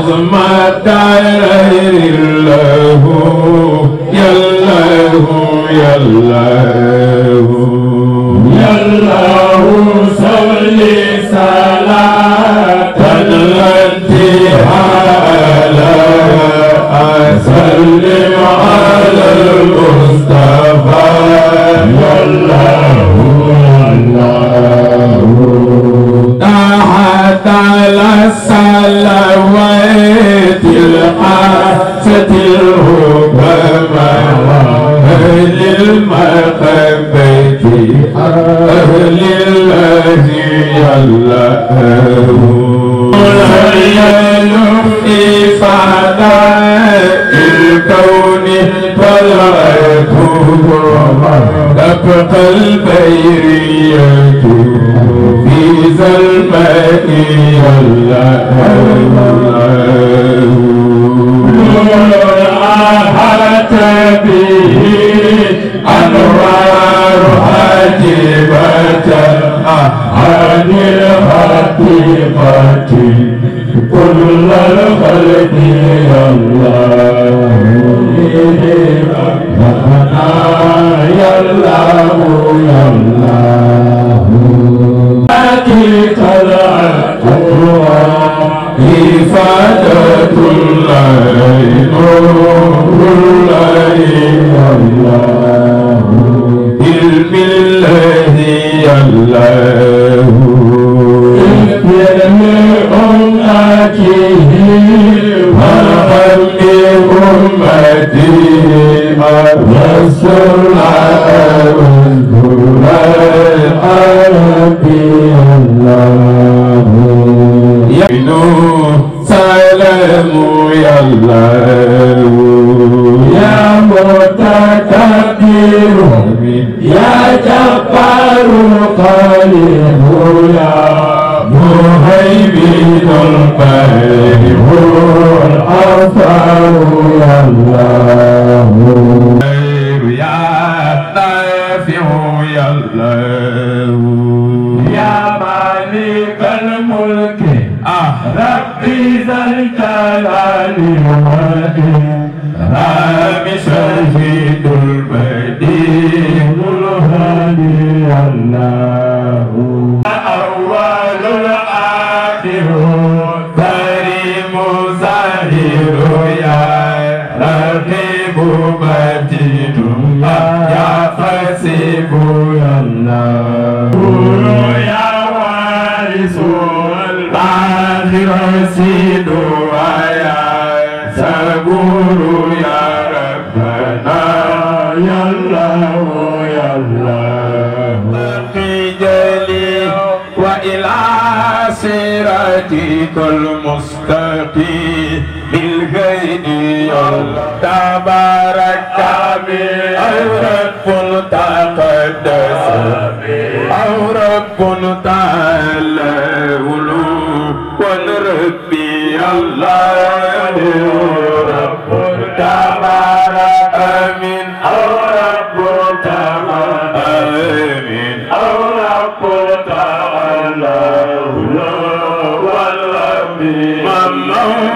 عظم الدارين الله يالله يالله يالله صلي صلاة التي أسلم على المصطفى المحبة أهل الله يلاه هيال في فناء الكون طلعته أبقى البيرية في زلمة يلاه حتى بي عن كل الخلق يا الله ربنا يا الله يا الله الطريق يا مهيمن البريء الأثر يا الله صراطك المستقيم بالغيب يا الله تبارك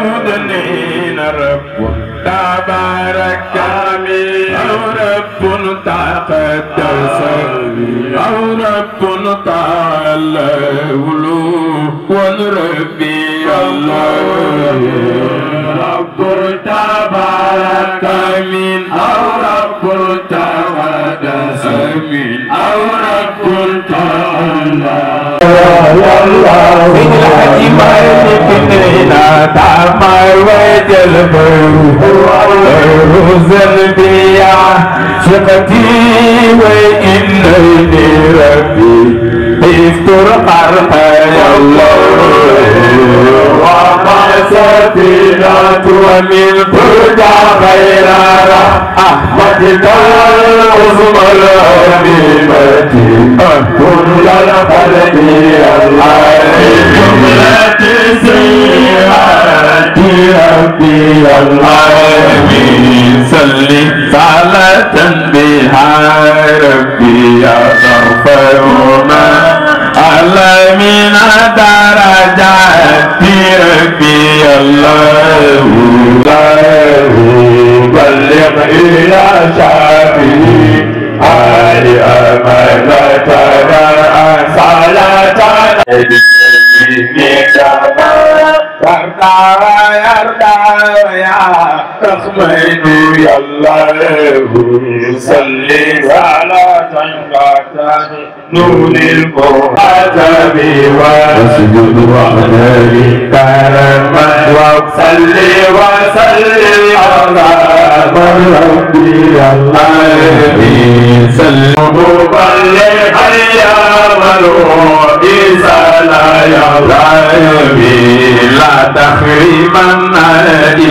مدنين رب تبارك امين او رب تقدس او رب تعالى ونربي الله رب تبارك امين او رب تقدس امين او رب تعالى والله الحكيم هنا تعمر وجلب روز الانبياء ثقتي وانني ربي افتر قرقا يا الله اللهم سفينة من فرجع غير رحمة العظمى الحبيبة كل الخلق العليم جملة سيئات ربي العالمين صلي صلاة بها ربي يغفر ما على من دار ربي الله الله بلغ إلى شعبه علي أمانتنا صلاتنا يا رحمن يا الله صلي على طلعة نور المهتم واسجد وحدك كرما وصلي وسلم على من ربي العالمين صلي وبلغ يا ملوك سلا يا غالبي لا تحرمن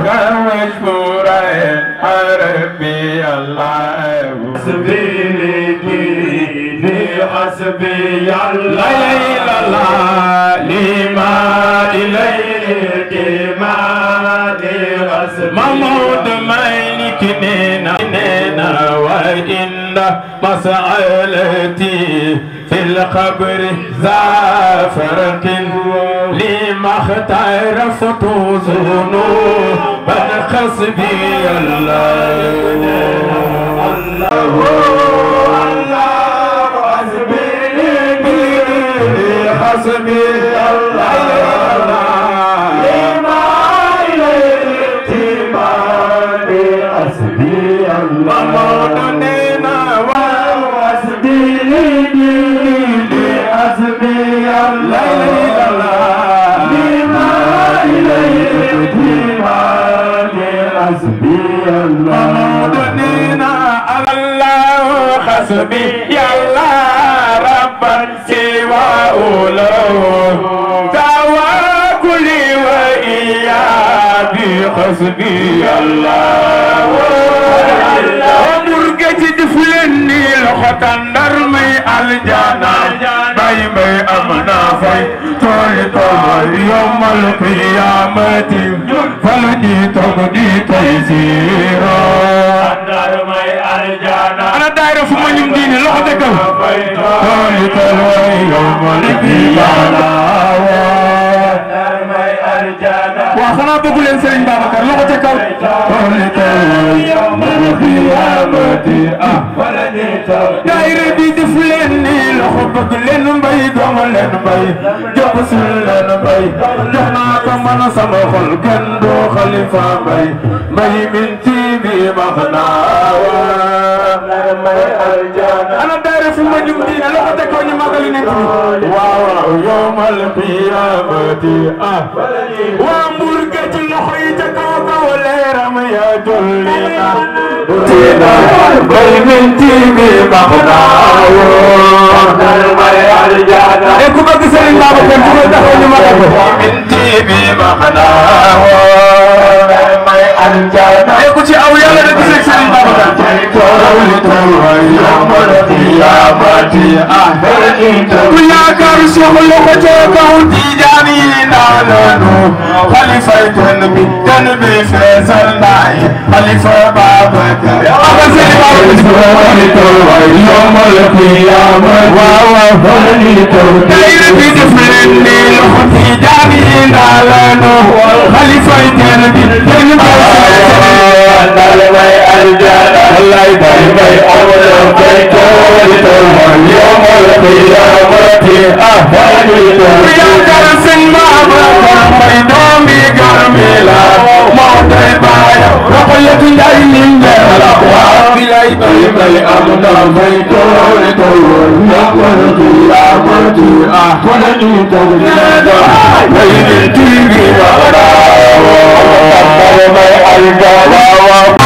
مشهور حربي الله حسبي لديني حسبي الله لا اله لما ما لي حسبي محمود مالك نينا نينا وإن مسألتي في القبر ذا فرق لي مختار فتوزونو بن خصبي الله الله الله حسبي حسبي الله ربا سواه له توكلي وإيابي حسبي الله ومرقة دفلني لخطا نرمي الجاه يوم القيامة فلدي تغدي تيسيرا أنا داير في من يمديني لو حدك تولي تلوي يوم القيامة وخنا بقول إن بابا كر لو حدك تولي تلوي يوم القيامة داير بيدي فلني لو لن بيدوم لن بيدوم jox naa ko man sama xol xalifa mbay mbay min bi max naa waa may aljana ana daara fu ma jum diine loxo teg ko ñu magali nekk bi waaw ah waa mbuur ga ci يدلنا بطينا بل من تيمي مخناو اكو بك سرين بابا كم تقول دخل من تيمي مخناو الجنة kar shehul hoto kawun tijani na nono khalifai tan bi tan bi faisal nai khalifa baba kar aba sai baba sai to yawmal qiyamah wa wa fani to dai bi difrin ne tijani na nono khalifai tan bi tan bi faisal nai aljanna الله باي باي أول البيت ولد المن يوم القيامة أهل ويا كرس ما بابا ميدامي كرميلا موتي باي رقية جايين للأقوى باي باي باي أول البيت ولد المن يوم القيامة أهل ويا باي باي باي أول البيت ولد المن يوم القيامة أهل ويا باي باي باي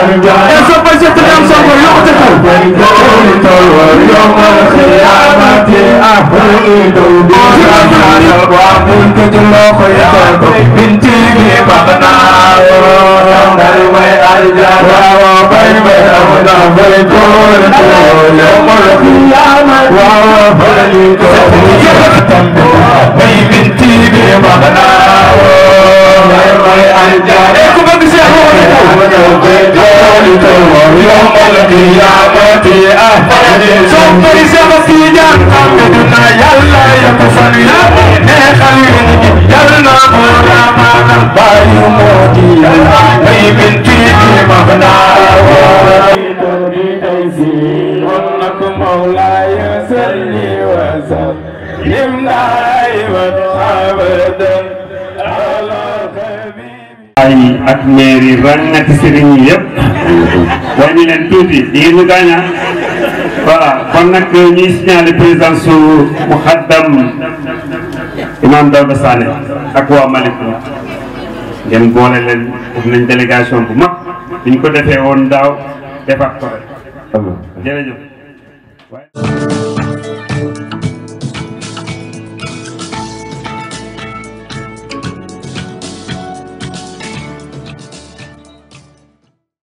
yaa soo bëri seetlu naa am soo ko yokk te kaw. waaw waaw سبتي أهدي سبر سبتي جنة مدنا يلا يكفن نخلين يلا مولا مانا باي موتي يلا بي بنتي مغنا مولاي صلي وسلم دائما ابدا على حبيبي اي اكمل رنه سرين يب wàññi leen tuuti di ngeen ñu gaañaa ah. voilà kon nag euh, ñuy signaler présence su muxaddam imam Dawda Sané ak waa Malicounda ngeen boole leen def nañ délégation bu mag duñ ko defee woon daaw defaat ko